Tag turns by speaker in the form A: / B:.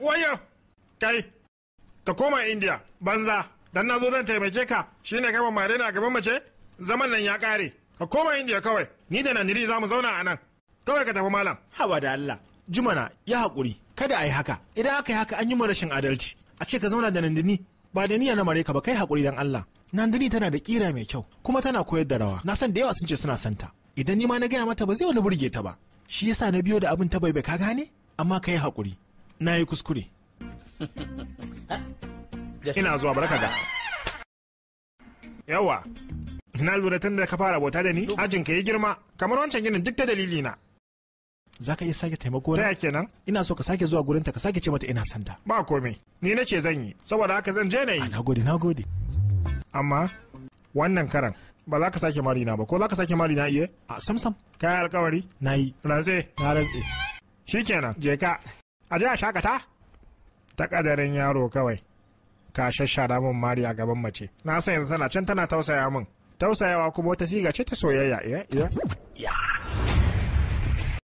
A: Wayar,
B: Kai! Ka koma India, banza, dan na zo zan taimake ka shine kai mare na gaban mace? Zaman nan ya kare. Ka koma India kawai, ni da Naniri za mu zauna anan. Kawai ka tafi malam. Haba da Allah, Jumana ya hakuri! kada a yi haka. Idan aka yi haka an yi mu rashin adalci. A ce ka zauna da Nandini, ba da niyya na mare ka ba kai haƙuri dan Allah. Nandini tana da kira mai kyau, kuma tana koyar da rawa. Na san da yawa sun ce suna santa. Idan ni ma na gaya mata ba zai wani burge ta ba. Shi yasa na biyo da abin ta bai ka gane? Amma ka yi haƙuri. na yi kuskure ina zuwa baraka ga yawa na lura tun da ka fara bauta da ni ajin ka yi girma kamar wancan ginin duk ta dalili na za ka iya sake taimako na kenan ina so ka sake zuwa gurinta ka sake ce mata ina santa ba komai ni na ce zan yi saboda haka zan je na yi ah, nagode nagode amma wannan karan ba za ka sake marina ba ko za ka sake marina iye a ah, samsam kaya alkawari na yi rantse na rantse shikenan je ka a jiya a shakata ta kadarin yaro kawai ka shashara min mari a gaban mace na san yanzu tana can tana tausaya min tausayawa kuma wata siga ce ta soyayya iya iya